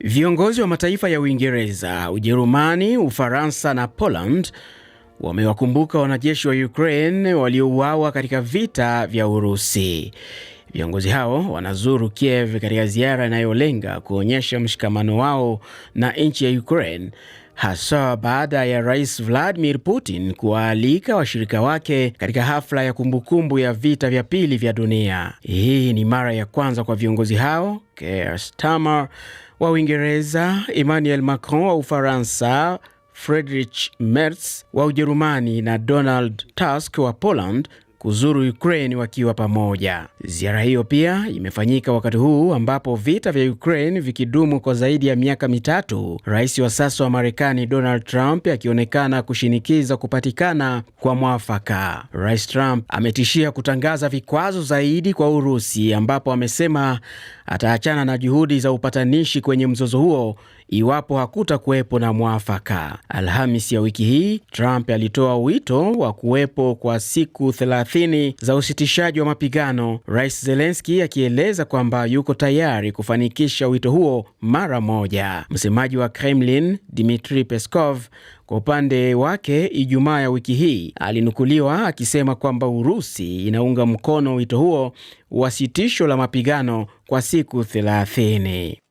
Viongozi wa mataifa ya Uingereza, Ujerumani, Ufaransa na Poland wamewakumbuka wanajeshi wa Ukraine waliouawa katika vita vya Urusi. Viongozi hao wanazuru Kiev katika ziara inayolenga kuonyesha mshikamano wao na nchi ya Ukraine hasa baada ya Rais Vladimir Putin kuwaalika washirika wake katika hafla ya kumbukumbu ya vita vya pili vya dunia. Hii ni mara ya kwanza kwa viongozi hao Keir Starmer wa Uingereza, Emmanuel Macron wa Ufaransa, Friedrich Merz wa Ujerumani na Donald Tusk wa Poland kuzuru Ukraine wakiwa pamoja. Ziara hiyo pia imefanyika wakati huu ambapo vita vya Ukraine vikidumu kwa zaidi ya miaka mitatu, rais wa sasa wa Marekani Donald Trump akionekana kushinikiza kupatikana kwa mwafaka. Rais Trump ametishia kutangaza vikwazo zaidi kwa Urusi, ambapo amesema ataachana na juhudi za upatanishi kwenye mzozo huo iwapo hakutakuwepo na mwafaka. Alhamis ya wiki hii Trump alitoa wito wa kuwepo kwa siku 30 za usitishaji wa mapigano, Rais zelenski akieleza kwamba yuko tayari kufanikisha wito huo mara moja. Msemaji wa Kremlin dmitri Peskov kwa upande wake, Ijumaa ya wiki hii alinukuliwa akisema kwamba Urusi inaunga mkono wito huo wa sitisho la mapigano kwa siku 30.